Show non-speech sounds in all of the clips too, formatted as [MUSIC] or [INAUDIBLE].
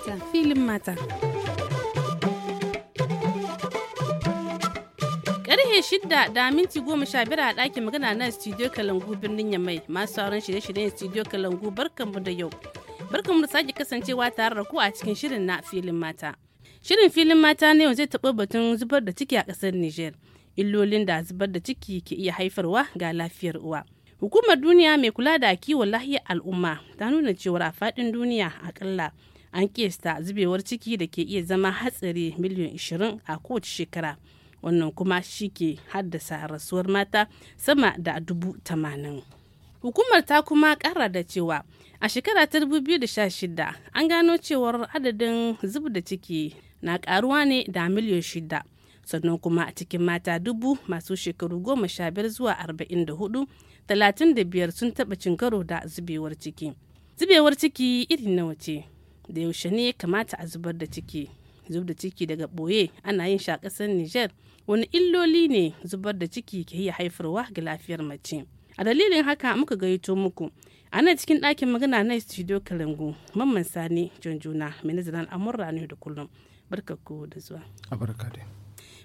mata filin karhe shidda da minti goma sha biyar a ɗakin magana na studio kalangu birnin yamai masu sauran shirye-shiryen studio kalangu barkanmu da yau barkanmu da sake kasancewa tare da ku a cikin shirin na filin mata shirin filin mata na yau zai taɓa batun zubar da ciki a ƙasar niger illolin da zubar da ciki ke iya haifarwa ga lafiyar uwa hukumar duniya mai kula da kiwon lahiyar al'umma ta nuna cewar a faɗin duniya akalla an kiyasta zubewar ciki da ke iya zama hatsari miliyan 20 a kowace shekara wannan kuma shi ke haddasa rasuwar mata sama da dubu tamanin hukumar ta kuma kara da cewa a shekara ta 2016 an gano cewar adadin zub da ciki na karuwa ne da miliyan shida sannan kuma a cikin mata dubu masu shekaru goma sha biyar zuwa arba'in da hudu talatin da biyar sun taba cin karo da zubewar ciki zubewar ciki iri nawa ce da yaushe ne ya kamata a zubar da ciki zub da ciki daga boye ana yin shi a ƙasar niger wani illoli ne zubar da ciki ke iya haifarwa ga lafiyar mace a dalilin haka muka gayyato muku ana cikin ɗakin magana na studio kalangu mamman sani jonjuna mai nazarin amurra ne da kullum barkaku da zuwa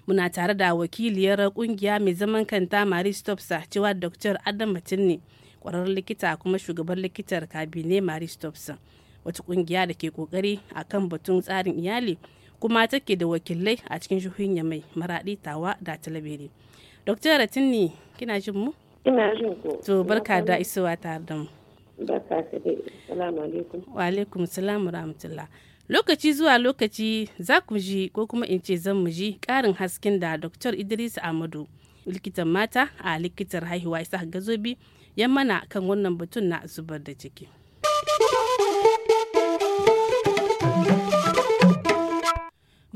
muna tare da wakiliyar kungiya mai zaman kanta marie stopsa cewa dr adam ne kwararren likita kuma shugaban likitar kabine marie stopsa wata kungiya da ke kokari kan batun tsarin iyali kuma take da wakilai a cikin jihohin mai maradi tawa da talabere dr ratini kina jin mu ina jin ku to barka da isowa tare da mu barka ka dai assalamu alaikum wa alaikum rahmatullah lokaci zuwa lokaci za ku ji ko kuma in ce zan mu ji karin hasken da dr idris amadu likitan mata a likitar haihuwa isa gazobi ya mana kan wannan batun na zubar da ciki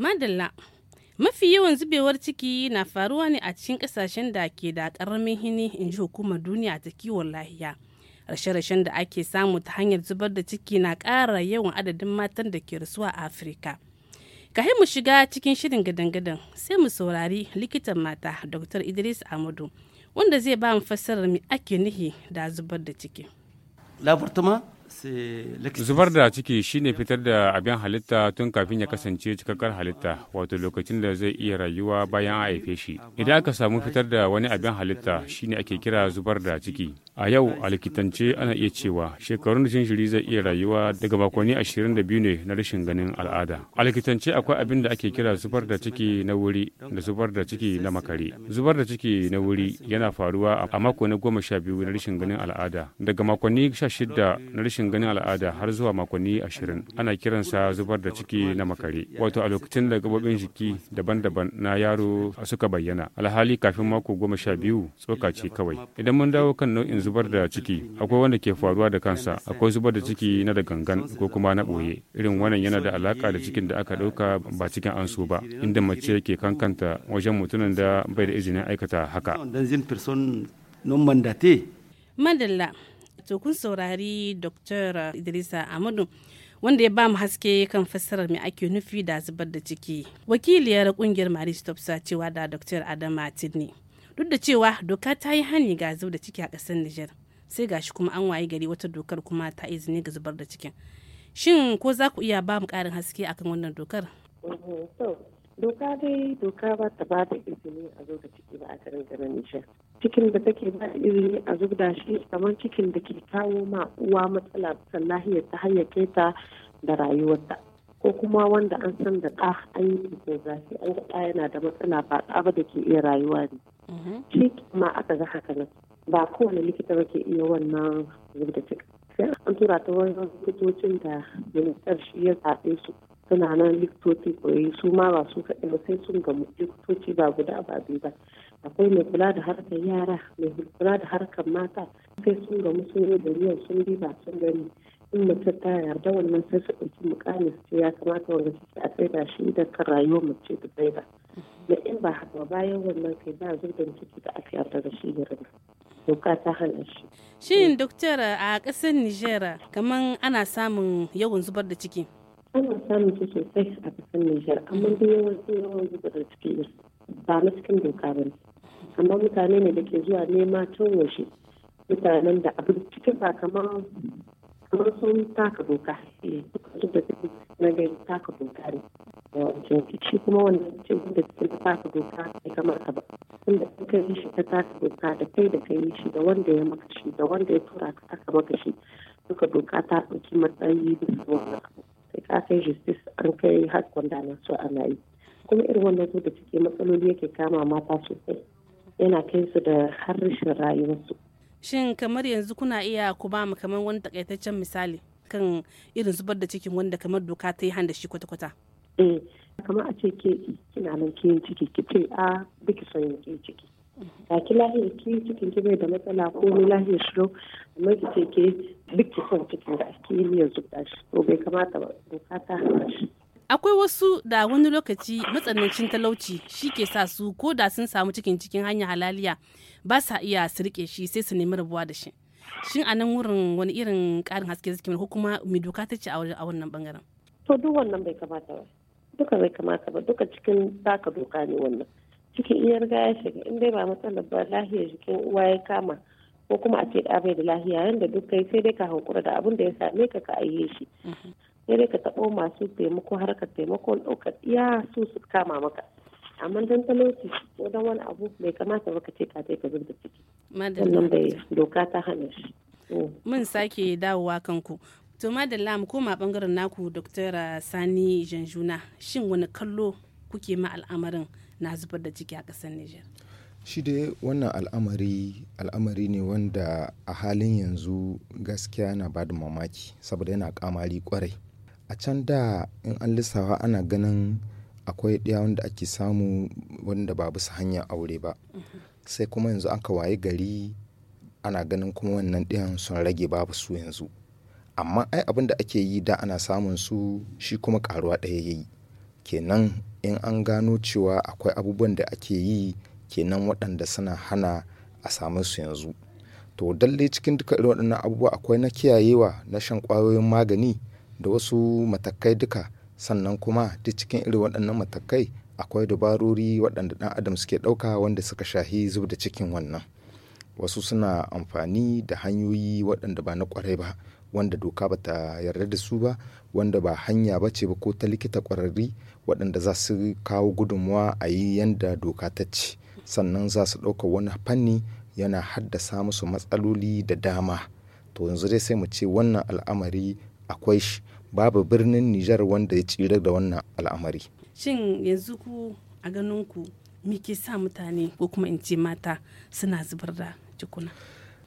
madalla mafi yawan zubewar ciki na faruwa ne a cikin kasashen da ke da karamin hini in ji hukumar duniya ta kiwon lahiya rashe-rashen da ake samu ta hanyar zubar da ciki na ƙara yawan adadin matan da ke rasuwa a afirka ka mu shiga cikin shirin gadan-gadan sai mu saurari likitan mata dr idris amadu wanda zai ba mu fassarar me ake nihi da zubar da ciki labar zubar da ciki shine fitar da abin halitta tun kafin ya kasance cikakkar halitta wato lokacin da zai iya rayuwa bayan a haife shi idan aka samu fitar da wani abin halitta shine ake kira zubar da ciki a yau a likitance ana iya cewa shekarun da shiri zai iya rayuwa daga makonni ashirin biyu ne na rashin ganin al'ada a likitance akwai abin da ake kira zubar da ciki na wuri da zubar da ciki na makare zubar da ciki na wuri yana faruwa a mako na goma sha biyu na rashin ganin al'ada daga makonni sha shida na rashin ganin al'ada har zuwa makonni ashirin ana kiransa zubar da ciki na makare wato a lokacin da gabobin jiki daban-daban na yaro suka bayyana alhali kafin mako goma sha biyu tsoka ce kawai idan mun dawo kan nau'in zubar da ciki akwai wanda ke faruwa da kansa akwai zubar da ciki na da gangan ko kuma na ɓoye irin wannan yana da alaka da cikin da aka ɗauka ba cikin an so ba inda mace ke kankanta wajen mutumin da bai da izinin aikata haka. Madalla, to kun saurari Dr. Idrisa Amadu wanda ya ba mu haske kan fassarar mai ake nufi da zubar da ciki. Wakiliyar kungiyar Marie Stopsa cewa da Dr. Adama Tidney. duk da cewa doka ta yi hani ga zub da ciki a ƙasar nijar sai gashi kuma an waye gari wata dokar kuma ta izini ga zubar da cikin shin ko za ku iya ba mu ƙarin haske akan wannan dokar doka dai doka ba ta ba da izini a zo da ciki ba a garin garin nijar cikin da take ba da izini a zub da shi kamar cikin da ke kawo ma uwa matsala ta lahiyar ta hayyake ta da rayuwarta ko kuma wanda an san da ɗa an yi da zafi an ga yana da matsala ba ba da ke iya rayuwa ne shi ma aka ga haka nan ba kowane likita ba ke iya wannan zub da cika sai an tura ta wajen likitocin da ministar shi ya zaɓe su suna nan likitoci koyi su ma ba su kaɗai ba sai sun gamu likitoci ba guda ba biyu ba akwai mai kula da harkar yara mai kula da harkar mata sai sun gamu sun yi da sun bi ba sun gani in mace ta yarda wannan sai su ɗauki mukami su ce ya kamata wanda su a tsaida shi da kan rayuwar mace ta tsaida da in ba haka bayan wannan kai ba zurdan ciki da aka yarda da shi irin doka ta hana shi. Shin doktor a ƙasar Nijar kamar ana samun yawan zubar da ciki? Ana samun ciki sosai a ƙasar Nijar amma da yawan yawan zubar da ciki ba na cikin doka ba ne. Amma mutane ne da ke zuwa nema tun waje mutanen da abin cikin ba kamar kamar sun taka doka duka na gari taka doka ne yawancin shi kuma wannan ce wanda suke taka doka ne kamar ka ba tunda in ka yi shi ka taka doka da kai da ka yi shi da wanda ya maka shi da wanda ya tura ka aka maka shi duka doka ta ɗauki matsayi da su wannan sai ka kai justice an kai har kwandana su ana yi kuma irin wannan zo da cike matsaloli yake kama mata sosai yana kai su da har rashin rayuwarsu shin kamar yanzu kuna iya ku ba mu kamar wani takaitaccen misali kan irin zubar da cikin wanda kamar doka ta yi handa shi kwata-kwata eh kamar a ce ke kina nan ke ciki ki ce a duk son ke ciki ba ki lahiyar ki cikin ki bai da matsala ko ni lahiyar shiro amma ki ce ke duk ki son cikin da ake yi yanzu da shi to bai kamata ba doka ta hana shi akwai wasu da wani lokaci matsanancin talauci shi ke sa su ko da sun samu cikin cikin hanya halaliya ba sa iya su rike shi sai su nemi rabuwa da shi shin a nan wurin wani irin karin haske zaki ko kuma mai doka ta ce a wannan bangaren to duk wannan bai kamata ba duka bai kamata ba duka cikin taka doka ne wannan cikin iya riga ya shiga in dai ba matsalar ba lahiyar jikin uwa ya kama ko kuma a ce da bai da lahiya yanda duk kai sai dai ka hankura da abin da ya same ka ka aiye shi mm-hmm. sai dai ka taɓo masu taimako harkar taimakon ɗaukar iya su su kama maka amma don talauci ko don wani abu bai kamata ba ka ce ka ka zubda ciki sannan bai doka ta hana shi mm. mun sake dawowa kanku to madalla mu koma bangaren naku dr ah, sani janjuna shin wani kallo kuke ma al'amarin na zubar da ciki a kasar niger shi dai wannan al'amari al'amari ne wanda a halin yanzu gaskiya na bada mamaki saboda yana kamari kwarai a can da in an lissawa ana ganin akwai ɗaya wanda ake samu wanda ba bisa hanyar aure ba sai kuma yanzu aka waye gari ana ganin kuma wannan ɗayan sun rage babu su yanzu amma ai abin da ake yi da ana samun su shi kuma karuwa ɗaya ya yi kenan in an gano cewa akwai abubuwan da ake yi kenan waɗanda suna hana a samu su yanzu to dalle cikin duka irin waɗannan abubuwa akwai na kiyayewa na shan ƙwayoyin magani da wasu matakai duka sannan kuma duk cikin irin waɗannan matakai akwai dabarori waɗanda ɗan adam suke ɗauka wanda suka shahi zub da cikin wannan wasu suna amfani da hanyoyi waɗanda ba na ƙwarai ba wanda doka ba ta yarda da su ba wanda ba hanya ba ce ba ko ta likita ƙwararri waɗanda za su kawo gudunmuwa a yi yanda doka ta ce sannan za su ɗauka wani fanni yana haddasa musu matsaloli da dama to yanzu dai sai mu ce wannan al'amari akwai shi babu birnin nijar wanda ya tsira da wannan al'amari shin yanzu ku a ganin ku ke sa mutane ko kuma in ce mata suna zubar da jikuna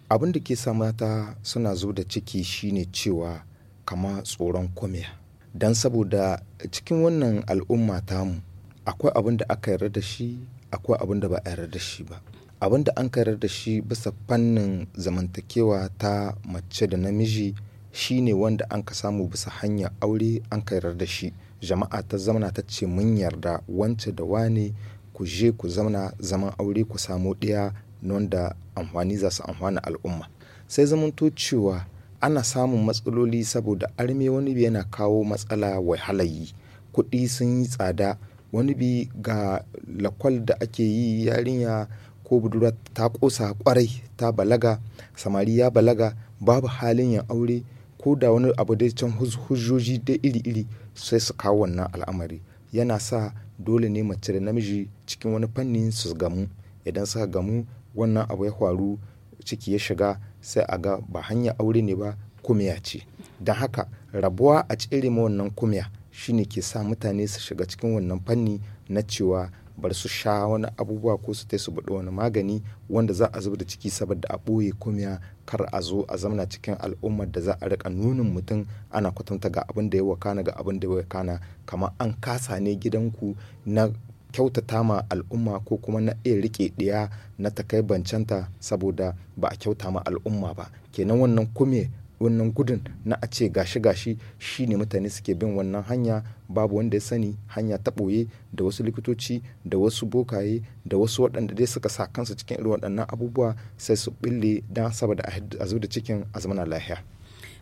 abin da ke sa mata suna zo da ciki shine cewa kama tsoron kwamiya don saboda cikin wannan al'umma mu akwai abin da aka yarda da shi akwai abin da ba a yarda da shi ba abin da an yarda da shi bisa fannin zamantakewa ta mace da namiji shi ne wanda an ka samu bisa hanyar aure an ka yarda da shi jama'a ta zamana ta ce mun yarda wance da wane ku je ku zamana zaman aure ku samu ɗaya wanda amfani za su amfana al'umma sai to cewa ana samun matsaloli saboda arme wani bi yana kawo matsala wai halayi kuɗi sun yi tsada wani bi ga lakwal da ake yi yarinya ko budurwa ta ƙosa kwarai ta balaga samari ya balaga babu halin yin aure ko da wani abu dai can hujjoji dai iri-iri sai su kawo wannan al'amari yana sa dole ne mace da namiji cikin wani fanni su gamu idan suka gamu wannan abu ya faru ciki ya shiga sai a ga ba hanya aure ne ba kumiya ce don haka rabuwa a cire ma wannan kumiya shine ke sa mutane su shiga cikin wannan fanni na cewa bar su sha wani abubuwa ko su tai su buɗe wani magani wanda za a zubar da ciki saboda a ɓoye kumiya kar a zo a zamana cikin al'ummar da za a rika nunin mutum ana kwatanta ga abin da ya wakana ga abin da ya wakana kamar an kasa ne gidanku na kyautata ma al'umma ko kuma na iya rike ɗaya na takai bancanta saboda ba a kyauta ma al'umma ba kenan wannan kume wannan gudun na a ce gashi gashi shine mutane suke bin wannan hanya babu wanda ya sani hanya ta ɓoye da wasu likitoci da wasu bokaye da wasu waɗanda dai suka sa kansu cikin irin waɗannan abubuwa sai su ɓille don saboda a zo da cikin a lahiya.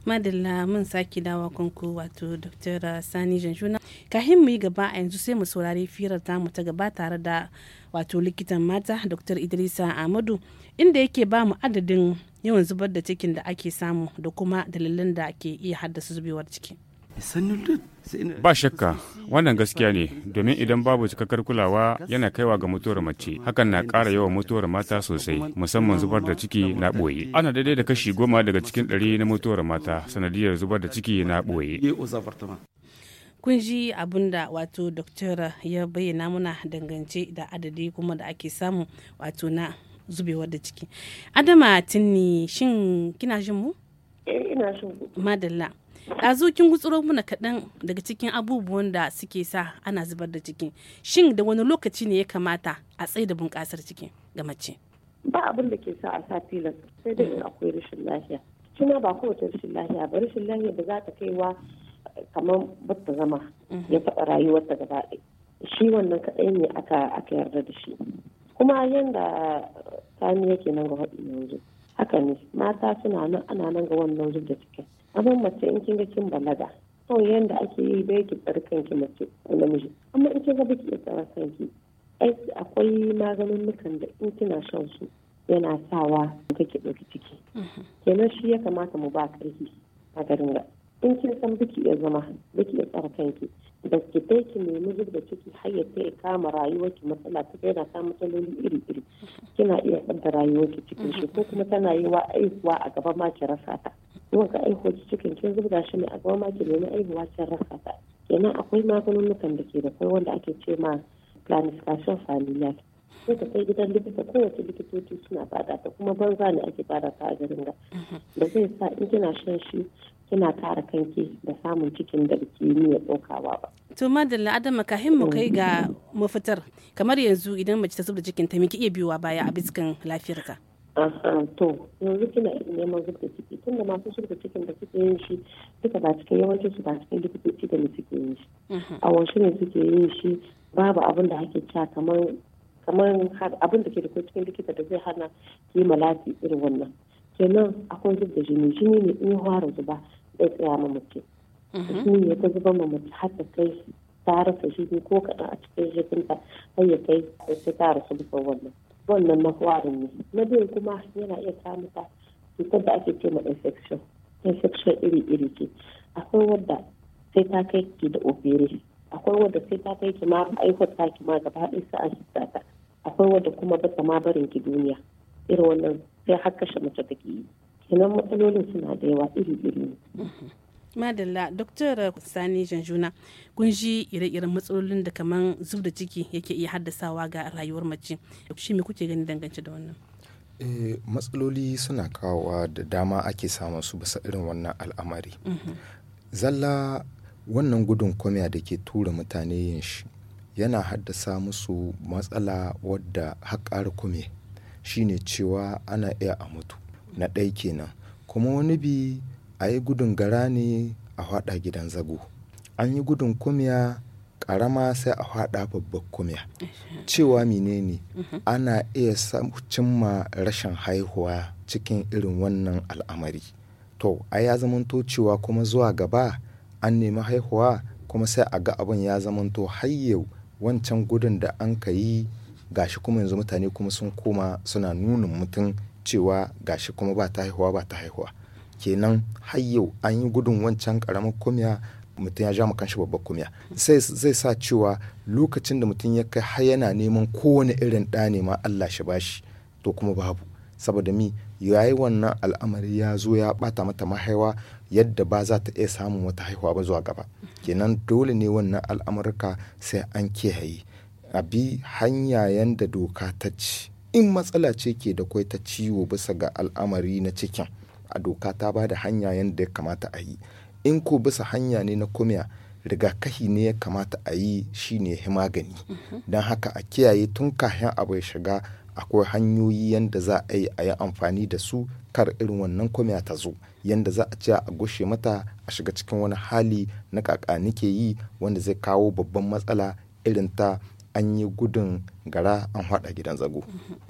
madalla mun sake dawa kanku wato dr uh, sani janjuna kahin mu yi gaba a yanzu sai mu saurari firar tamu ta gaba tare da wato likitan mata dr idrisa amadu inda yake ba mu adadin yawan zubar da cikin da ake samu da kuma dalilan da ke iya haddasa zubewar ciki. Ba shakka wannan gaskiya ne domin idan babu cikakkar kulawa yana kaiwa ga mutuwar mace hakan na kara yawan mutuwar mata sosai musamman zubar da ciki na ɓoye. Ana daidai da kashi goma daga cikin ɗari na mutuwar mata sanadiyar zubar da ciki na ɓoye. Kun ji abin da wato doktora ya bayyana muna dangance da adadi kuma da ake samu wato na zubewar da ciki adama tinni shin kina jin mu eh, ina jin madalla ɗazu kin gutsuro muna kaɗan daga cikin abubuwan da suke sa ana zubar da ciki shin da wani lokaci ne ya kamata a tsaye da bunƙasar ciki ga mace ba abin da ke sa a sa tilas sai dai akwai rashin lafiya kuma ba kowace rashin lafiya ba rashin lafiya ba za ta wa eh, kamar bata zama mhm. ya rayuwar rayuwarta gaba ɗaya shi wannan kaɗai ne aka yarda da shi kuma yadda sani yake nan ga yanzu haka ne mata suna nan ana nan ga wannan zub da suke amma mace in kin ga kin balaga to yanda ake yi bai ki bar kanki mace ko namiji amma in kin ga baki iya tsara kanki ai akwai maganin da in kina shan su yana sawa kake ɗauki ciki mhm. kenan shi ya kamata mu ba karfi a garin ga in kin san biki ya zama biki ya tsara kanki da ke dai ki nemi zub da ciki har ya kai kama rayuwarki matsala ta yana ta matsaloli iri iri kina iya tsada rayuwarki cikin shi ko kuma tana yi wa aihuwa a gaba ma ki rasa ta kuma ka aihuwa cikin kin zuba shi ne a gaba ma ki nemi aihuwa kin rasa ta kenan akwai maganunukan da ke da kai wanda ake ce ma planification familial sai ka kai gidan likita kowace likitoci suna bada ta kuma banza ne ake bada ta a garin da zai sa in kina shan shi kina kara kanki da samun cikin da ke niyya ɗaukawa ba. To madalla Adama ka mu kai ga mafitar kamar yanzu idan mace ta zubda cikin ta miki iya biyuwa baya a biskan lafiyarka. to yanzu kina neman zubda ciki tun da masu zubda cikin da suke yin shi duka ba cikin yawancin su ba cikin likitoci da suke yin shi. A wasu ne suke yin shi babu abin da ake cewa kamar kamar abin da ke da cikin likita da zai hana ki lafi irin wannan. kenan akwai zub da jini jini ne in fara zuba tsaya ma mace Mutum ya mhm. ta zuba ma mace har ta kai ta rasa shi ko kaɗan a cikin jikinta har ya kai sai ta rasa duka wannan wannan na kwarin ne na biyu kuma yana iya samu ta cutar da ake ce ma infection infection iri-iri ce akwai wadda sai ta kai ki da opere akwai wadda sai ta kai ki ma aihuwar ta ki ma gaba ɗaya sa'a shi ta akwai wadda kuma ba ta ma barin ki duniya irin wannan sai har kashe mace take yi sannan matsalolin suna da yawa iri-iri madalla doktor sani janjuna kun ji ire-iren matsalolin da kamar zub da ciki yake iya haddasawa ga rayuwar mace shi me kuke gani dangance da wannan eh, matsaloli suna kawowa da dama ake samun su basa irin wannan al'amari mhm. zalla wannan gudun kwamiya da ke tura mutane yin shi yana haddasa musu matsala wadda haƙar kume shine cewa ana iya a mutu na ɗai kenan kuma wani bi a yi gudun gara ne a haɗa gidan zago an yi gudun kumya ƙarama sai a haɗa babbar kumya cewa menene ana iya cimma rashin haihuwa cikin irin wannan al'amari to a ya zamanto cewa kuma zuwa gaba an nemi haihuwa kuma sai a ga abin ya zamanto har yau wancan gudun da an ka yi gashi kuma yanzu mutane kuma sun koma suna nunin mutum cewa gashi kuma ba ta haihuwa ba ta haihuwa kenan har yau an yi gudun wancan karamar kumiya mutum ya ja mu kanshi babbar kumiya sai zai sa cewa lokacin da mutum ya kai har yana neman kowane irin ɗa ne ma Allah shi bashi to kuma babu saboda mi yayi wannan al'amari ya zo ya bata mata mahaiwa yadda ba za ta iya samun wata haihuwa ba zuwa gaba kenan dole ne wannan al'amurka sai an kiyaye a bi hanya yanda doka ta ci in matsala ce ke da kwai ta ciwo bisa ga al'amari na cikin a doka ta ba da hanya yadda ya kamata a yi in ko bisa hanya ne na kumiya rigakahi ne ya kamata a yi shi ne ya magani mm-hmm. don haka a kiyaye tun kahin abu ya shiga akwai hanyoyi yadda za a yi a yi amfani da su kar irin wannan kumiya ta zo yadda za a ce a gushe mata a shiga cikin wani hali na kaka nike yi wanda zai kawo babban matsala irin ta an yi gudun gara an haɗa gidan zago.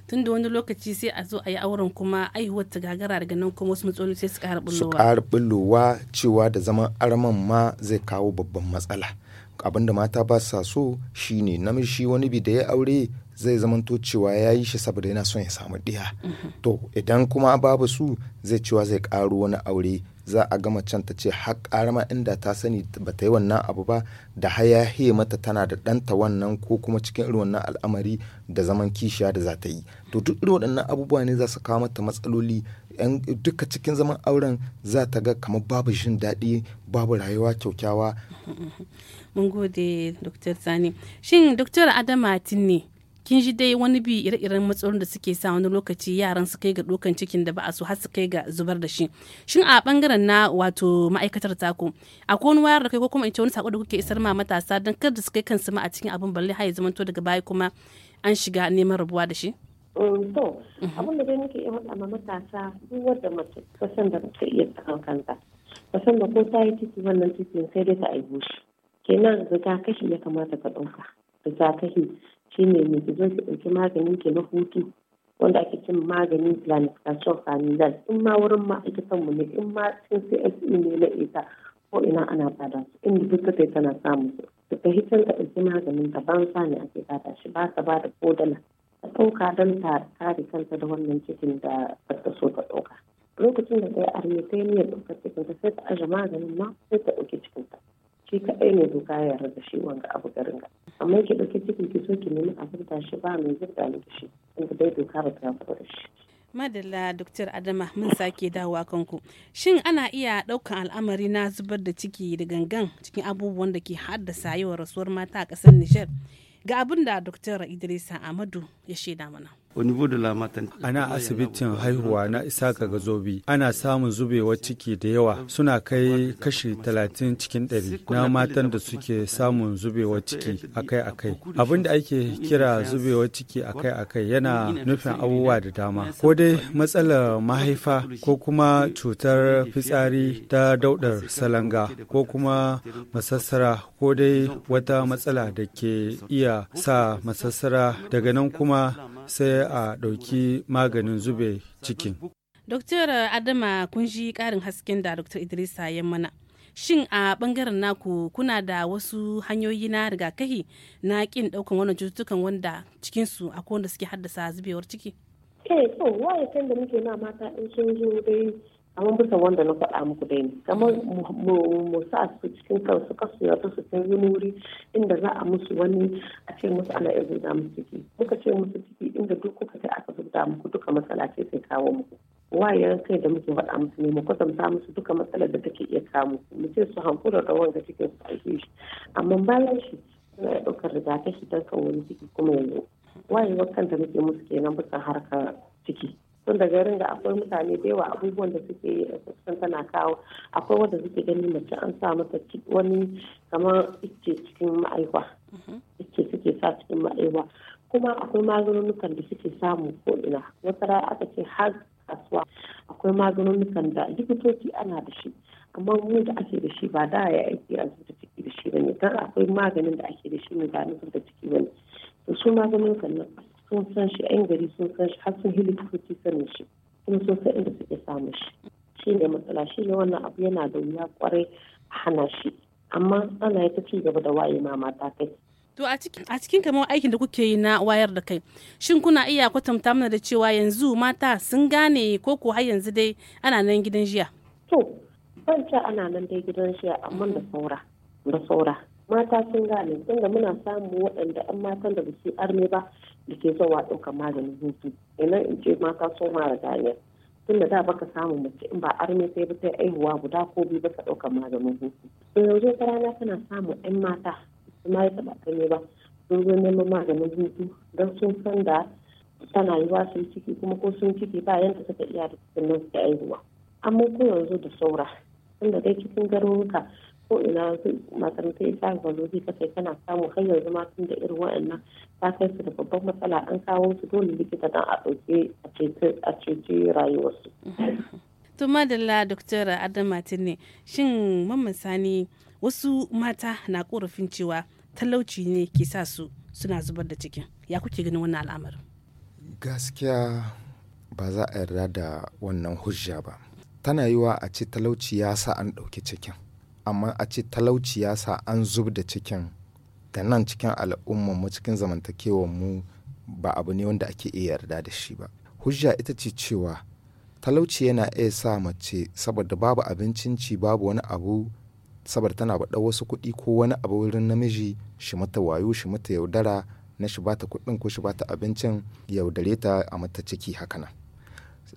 Tun da wani lokaci sai a zo a yi auren kuma aihuwar ta gagara daga nan kuma wasu matsaloli sai su ƙara bullowa. Su ƙara bullowa cewa da zaman arman ma zai kawo babban matsala. Abin da mata ba sa so ne namiji wani bi da ya aure zai zamanto cewa ya yi shi saboda yana son ya samu ɗiya. Mhm. To idan kuma babu su zai cewa zai ƙaro wani aure za a gama can ta ce har ma inda ta sani ba ta yi wannan abu ba da hayahe mata tana da ɗanta wannan ko kuma cikin irin wannan al'amari da zaman kishiya da za ta yi to duk irin waɗannan abubuwa ne za su kawo mata matsaloli yan duka cikin zaman auren za ta ga kamar babu jin daɗi babu rayuwa kyaukyawa mun gode dr sani shin dr adama ne kin ji dai wani bi ire-iren matsalolin da suke sa wani lokaci yaran su kai ga dokan cikin da ba a so har su kai ga zubar da shi shin a bangaren na wato ma'aikatar taku akwai wani wayar da kai ko kuma in ce wani sako da kuke isar ma matasa don kar da su kai kansu ma a cikin abin balle har ya zamanto daga baya kuma an shiga neman rabuwa da shi um, to mhm. abin da dai muke yi ma matasa duk wanda mace kasan da ta iya tsakan kanta kasan da ko ta yi ciki wannan cikin sai dai ta aibu shi kenan rigakafi ya kamata ka ɗauka rigakafi shine ne ki ki ɗauki maganin ki na hutu wanda ake cin maganin planification familial in ma wurin ma'aikatan mu ne in ma cin CSE ne na ita ko ina ana bada su inda duk ta tana samu su da ta hitar ta ɗauki maganin ta ban sa ne ake bada shi ba ta bada ko dala ta ɗauka don ta kare kanta da wannan cikin da ta so ta ɗauka lokacin da ta yi arme ta yi niyyar ɗaukar cikin ta sai ta aje maganin ma sai ta ɗauki cikin ta shi kaɗai ne doka ya yarda da shi wanga abu garin ga amma ki ɗauki ciki ki so ki nemi a furta shi ba mai zurta da shi ka dai doka ba ta yarda da shi madalla dr adama mun sake dawowa kanku shin ana iya ɗaukan al'amari na zubar da ciki da gangan cikin abubuwan da ke haddasa yawan rasuwar mata a ƙasar nijar ga abin da dr idrisa amadu ya shaida mana Ana asibitin haihuwa na Isaka Gazobi ana samun zubewar ciki da yawa suna kai kashi talatin cikin ɗari na matan da suke samun zubewar ciki akai-akai. Abin da ake kira zubewar ciki akai-akai yana nufin abubuwa da dama. Ko dai matsalar mahaifa ko kuma cutar fitsari ta daudar salanga ko kuma masassara ko dai wata matsala da ke iya sa masassara daga nan kuma sai a ɗauki maganin zube cikin. Dr. Adama kun ji ƙarin hasken da Dr. Idrisa ya mana. Shin a ɓangaren naku kuna da wasu hanyoyi na rigakahi na ƙin ɗaukan wannan cututtukan wanda cikinsu a wanda suke haddasa zubewar ciki? Eh, to, waye da muke na mata in sun zo dai kamar bisa wanda na faɗa muku dai ne kamar mu sa su cikin kansu kasu ya su sun yi wuri inda za a musu wani a ce musu ana iya zuba musu ciki muka ce musu ciki inda duk kuka ce aka zuba muku duka matsala ce sai kawo muku wayar kai da muke faɗa musu ne mu kwatanta musu duka matsalar da take iya kamu mu ce su hankula da wanga cikin su a shi amma bayan shi suna iya ɗaukar rigakafi don kan wani ciki kuma yanzu wayewar kanta muke musu kenan bisa harkar ciki tun da garin da akwai mutane da yawa abubuwan da suke yi a tana kawo akwai wanda suke gani mace an sa mata wani kamar ice cikin ma'aikwa mm-hmm. ice suke sa cikin ma'aikwa kuma akwai maganunukan da suke samu ko ina wata rana aka ce har kasuwa akwai maganunukan da likitoci ana da shi amma mu da ake da shi ba da ya aiki a zuba ciki da shi bane dan akwai maganin da ake da shi ne ba na zuba ciki bane to su maganin kan sun san shi yan gari sun san shi har sun helikoptoci sanin shi kuma sun san inda suke samun shi shi ne matsala shi ne wannan abu yana da wuya kwarai a hana shi amma ana ta ci gaba da waye ma mata kai to a cikin kamar aikin da kuke yi na wayar da kai shin kuna iya kwatanta mana da cewa yanzu mata sun gane ko ko har yanzu dai ana nan gidan jiya to ban ce ana nan dai gidan jiya amma da saura da saura mata sun gane tunda muna samun waɗanda an matan da basu arme ba da ke zuwa ɗaukar maganin hutu idan in ce mata sun mara ganiya tunda da baka samu mace in ba arme sai ba sai aihuwa guda ko biyu baka ɗaukar maganin hutu to yanzu ta rana tana samun 'yan mata su ma ya taɓa arme ba sun zo neman maganin hutu don sun san da tana yiwa ciki kuma ko sun ciki ba yanda suka iya da cikin nan suka aihuwa amma ko yanzu da saura tunda dai cikin garuruka ko ina makarantar isa gwalobi ta kai kana samu hanyar zama tun da irin wa'annan ta kai su da babban matsala an kawo su dole likita na a ɗauke a ceci rayuwarsu. [LAUGHS] to madalla doktor adam martin shin mamman sani wasu mata na korafin cewa talauci ne ke sa su suna zubar da cikin ya kuke ganin wannan al'amarin gaskiya ba za a yarda da wannan hujja ba tana yiwa a ce talauci ya sa an ɗauki cikin amma a ce talauci ya sa an zub da cikin da nan cikin al'ummar mu cikin zamantakewar mu ba abu ne wanda ake iya yarda da shi ba hujja ita ce cewa talauci yana iya sa mace saboda babu abincin ci babu wani abu saboda tana baɗa wasu kuɗi ko wani abu wurin namiji shi mata wayo shi mata yaudara na shi bata kuɗin ko shi bata abincin yaudare ta a mata ciki haka nan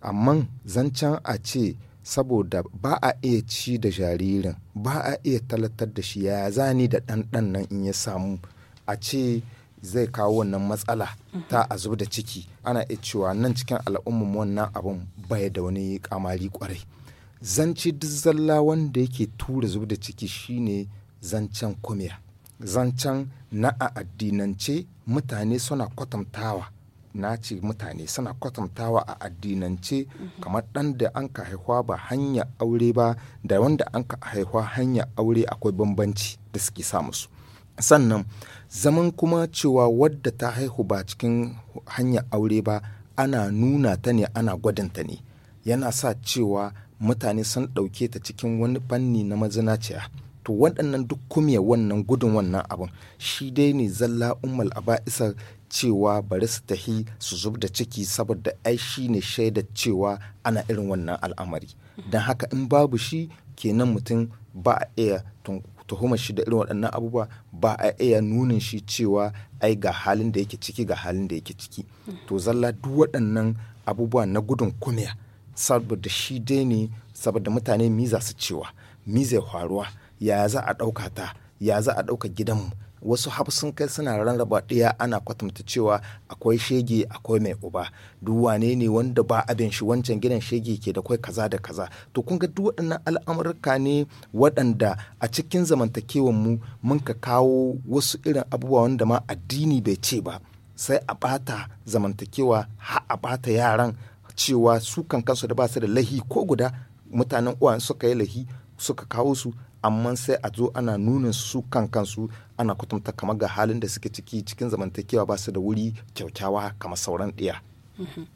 amma zancen a ce saboda ba a iya ci da jaririn ba a iya talatar da shi ya zani da ɗanɗan nan in ya samu a ce zai kawo wannan matsala ta a zub da ciki ana iya cewa nan cikin al'ummar wannan abun bai da wani kamari kwarai zanci duk zalla wanda yake tura zub da ciki shine zancen kumiya zancen na a addinance mutane suna kwatantawa na ce mutane suna kwatantawa a addinance kamar ɗan da an ka haihuwa ba hanya aure ba da wanda an ka haihuwa hanya aure akwai bambanci da suke samu musu sannan zaman kuma cewa wadda ta haihu ba cikin hanya aure ba ana nuna ta ne ana gwadinta ne yana sa cewa mutane sun ɗauke ta cikin wani fanni na mazinaciya to waɗannan duk kumya wannan gudun wannan abin shi dai ne zalla ummal aba'isar cewa bari su tahi su zub da ciki saboda ai shi ne shaida cewa ana irin wannan al'amari don haka in babu shi kenan mutum ba a iya tuhumar shi da irin waɗannan abubuwa ba a iya nunin shi cewa ai ga halin da yake ciki ga halin da yake ciki to zalla duk waɗannan abubuwa na gudun kumiya saboda shi dai ne saboda mutane mi za su cewa mi zai faruwa ya za a ɗauka ta ya za a ɗauka gidanmu wasu hafsun kai suna rarraba ɗaya ana kwatanta cewa akwai shege akwai mai uba duk wane ne wanda ba abin shi wancan gidan shege ke da kwai kaza da kaza to kun ga duk waɗannan al'amurka ne waɗanda a cikin zamantakewan mu mun ka kawo wasu irin abubuwa wanda ma addini bai ce ba sai a bata zamantakewa har a bata yaran cewa su kan kansu da ba su da lahi ko guda mutanen uwa suka yi lahi suka kawo su amma sai a zo ana nuna su kan kansu ana kutumta kamar ga halin da suke ciki cikin zamantakewa ba su da wuri kyaukyawa kamar sauran ɗiya. Mhm.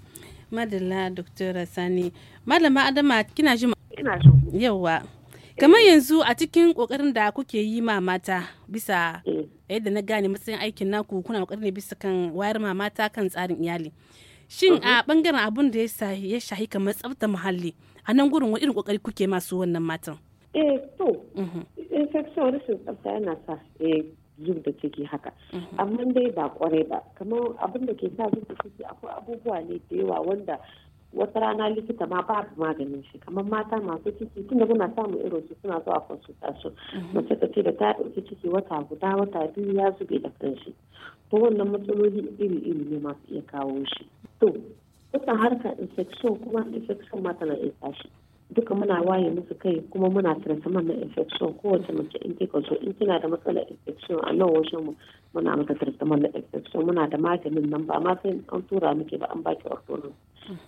madalla Dr. sani malama adama kina ji ina kamar yanzu a cikin kokarin da kuke yi ma mata bisa eh. yadda na gane matsayin aikin naku kuna kokarin ne bisa kan wayar ma mata kan tsarin iyali shin a bangaren mhm. abin da ya shahi kamar tsafta muhalli a nan gurin wani irin kokari kuke masu wannan matan eh to mhm. eh, cewa rashin tsafta yana sa eh, zub da ciki haka mhm. amma dai ba kwarai ba kamar abin da ke sa zub da ciki akwai abubuwa ne da yawa wanda wata rana likita ma ba maganin shi kamar mata masu ciki tunda muna samun irin su suna zuwa tasu mhm. mace ta ce da ta ɗauki ciki wata guda wata biyu ya zube da kanshi to wannan matsaloli iri-iri ne masu iya kawo shi to kusan harkar infection kuma infection ma tana iya tashi duka muna waye musu kai kuma muna tirasaman na infection kowace mace in kika so in kina da matsalar infection a nan wajen mu muna mata tirasaman na infection muna da maganin nan ba ma sai an tura muke ba an baki ortodox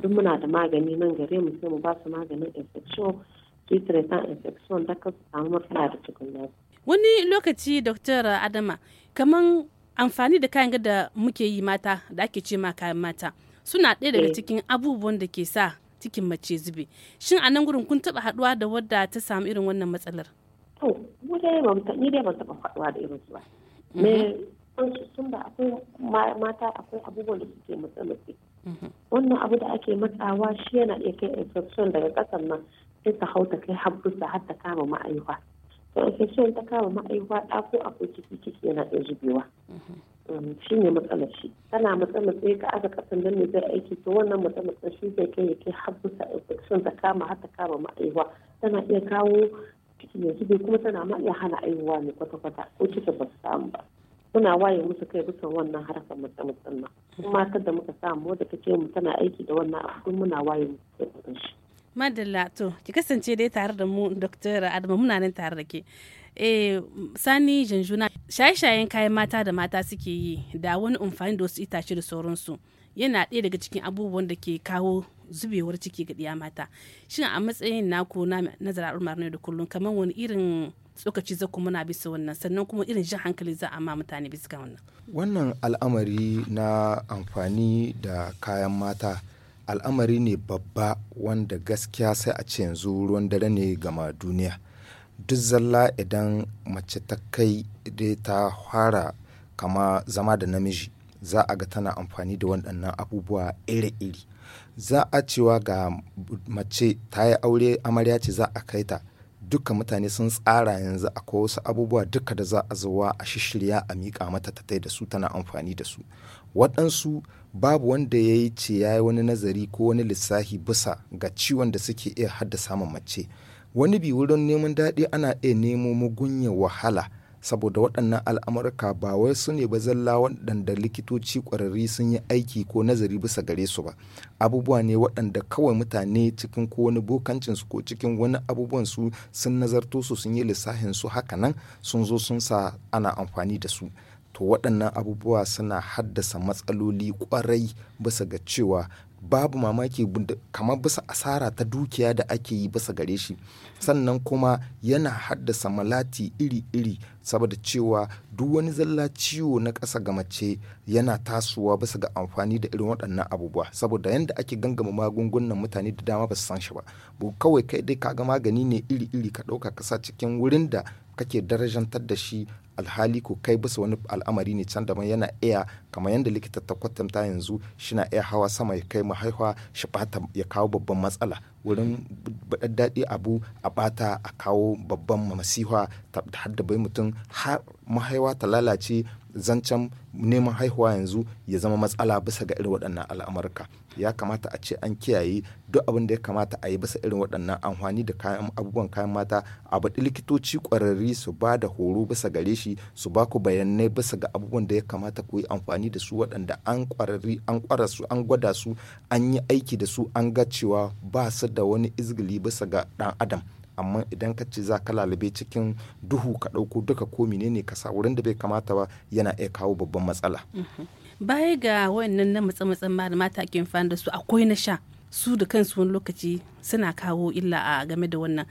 duk muna da magani nan gare mu sai mu ba su maganin infection su yi tirasan infection da ka samu matsala da cikin wani lokaci dr adama kaman amfani da kayan da muke yi mata da ake ce ma kayan mata suna ɗaya daga eh. cikin abubuwan da ke sa cikin mace zube shin a nan gurin kun taba haduwa da wadda ta samu irin wannan matsalar to mu dai ba ni dai taba haduwa da irin su ba mm-hmm. me sun ba akwai mata akwai abubuwan da suke matsalatsi mm-hmm. wannan abu da ake matsawa shi yana iya kai infection daga kasan nan sai ta hau ta kai habbusa har ta kama ma'aiwa to infection ta kama ma'aiwa ɗa ko akwai ciki ciki yana ɗan zubewa mm-hmm. Um, shi ne matsalar shi tana matsalar sai ka aka kasan nan ne zai aiki to wannan matsalar shi zai kai yake har bisa infection ta kama har ta kama ma'aiwa tana iya kawo ciki yanzu kuma tana ma iya hana aiwa ne kwata-kwata ko cikin ba su samu ba muna waye musu kai bisa wannan harkar matsalar nan kuma da muka samu wadda ce mu tana aiki da wannan abu muna waye musu kai shi madalla to ki kasance dai tare da mu dr Adamu muna nan tare da ke eh sani janjuna shaye-shayen kayan mata da mata suke yi da wani amfani da wasu itace da sauransu yana ɗaya daga cikin abubuwan da ke kawo zubewar ciki ga ɗiya mata shin a matsayin naku na nazara al'ummar ne da kullum kamar wani irin tsokaci za kuma na bisa wannan sannan kuma irin jin hankali za a ma mutane bisa wannan wannan al'amari na amfani da kayan mata al'amari ne babba wanda gaskiya sai a ce yanzu ruwan dare ne gama duniya duk zalla idan mace ta kai dai ta fara kama zama da namiji za a ga tana amfani da waɗannan abubuwa iri-iri za a cewa ga mace ta yi aure amarya ce za a kai ta duka mutane sun tsara yanzu akwai wasu abubuwa duka da za a zuwa a shishirya a miƙa mata ta da su tana amfani da su waɗansu babu wanda ya yi ce ya yi wani nazari ko wani lissafi bisa ga ciwon da suke iya haddasa mace wani bi wurin neman daɗi ana iya nemo mugunya wahala saboda waɗannan al'amurka ba wai su ne ba zalla waɗanda likitoci ƙwararri sun yi aiki ko nazari bisa gare su ba abubuwa ne waɗanda kawai mutane cikin ko wani bokancin ko cikin wani abubuwan su sun nazarto su sun yi lissafin su haka nan sun zo sun sa ana amfani da su to waɗannan abubuwa suna haddasa matsaloli ƙwarai bisa ga cewa babu mamaki kamar bisa asara ta dukiya da ake yi bisa gare shi sannan kuma yana haddasa malati iri-iri saboda cewa duk wani zalla ciwo na ƙasa ga mace yana tasowa bisa ga amfani da irin waɗannan abubuwa saboda yadda ake gangama magungunan mutane da dama ba su san shi ba bu kawai kai dai ka ga magani ne iri-iri ka ɗauka kasa cikin wurin da kake darajantar da shi alhali ko kai bisa wani al'amari ne can daban yana iya kamar yadda likita ta kwatanta yanzu shina iya hawa sama ya kai mahaifa shi bata ya kawo babban matsala wurin baɗar daɗi abu a bata a kawo babban masiha ta da bai mutum har mahaifa ta lalace zancen neman haihuwa yanzu ya zama matsala bisa ga irin waɗannan al'amurka ya kamata a ce an kiyaye duk abin da ya kamata a yi bisa irin waɗannan amfani da kayan abubuwan kayan mata a baɗi likitoci ƙwararri su ba da horo bisa gare shi su ba ku bayanai bisa ga abubuwan da ya kamata ku yi amfani da su waɗanda an ƙwararri an ƙwara su an gwada su an yi aiki da su an ga cewa ba su da wani izgili bisa ga ɗan adam amma idan ka ce za ka lalube cikin duhu ka ɗauko duka ko menene ka sa wurin da bai kamata ba yana iya kawo babban matsala. Mhm. baya ga wayannan na matsa-matsan ma da mata ke amfani da su akwai na sha su da kansu wani lokaci suna kawo illa a game da wannan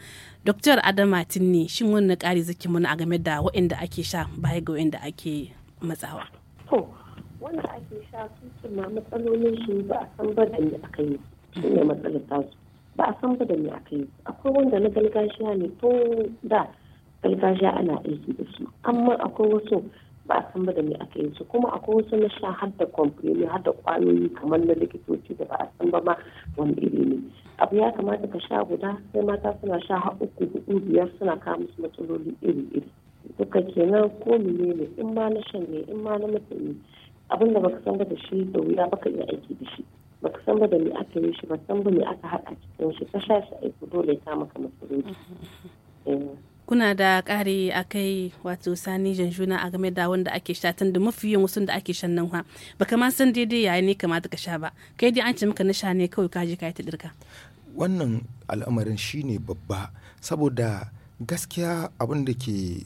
dr adama tinni shin wannan ƙari zaki muna a game da wayanda ake sha baya ga wayanda ake matsawa to wanda ake sha su ma matsalolin shi ba a san ba da aka yi shi ne matsalar tasu ba a san ba da aka yi akwai wanda na gargajiya ne to da gargajiya ana aiki da su amma akwai wasu ba a san ba me aka yi su kuma akwai wasu na sha har da kwamfani har da kwayoyi kamar na likitoci da ba a san ba ma wani iri ne abu ya kamata ka sha guda sai mata suna sha har uku hudu biyar suna kawo musu matsaloli iri iri duka kenan ko ne in ma na shan ne in ma na mutum abin da baka san ba da shi da wuya baka iya aiki da shi baka san ba da me aka yi shi ba san ba me aka haɗa cikin shi ka sha shi aiki dole ya kama maka matsaloli mm-hmm. eh. kuna da ƙari a kai wato sani janjuna a game da wanda ake sha tun da mafi yin wasu da ake shan nan ha baka ma san daidai yayi ne kamata ka sha ba kai dai an ce maka na sha ne kawai ka kai ta dirka wannan al'amarin shine babba saboda gaskiya abin da ke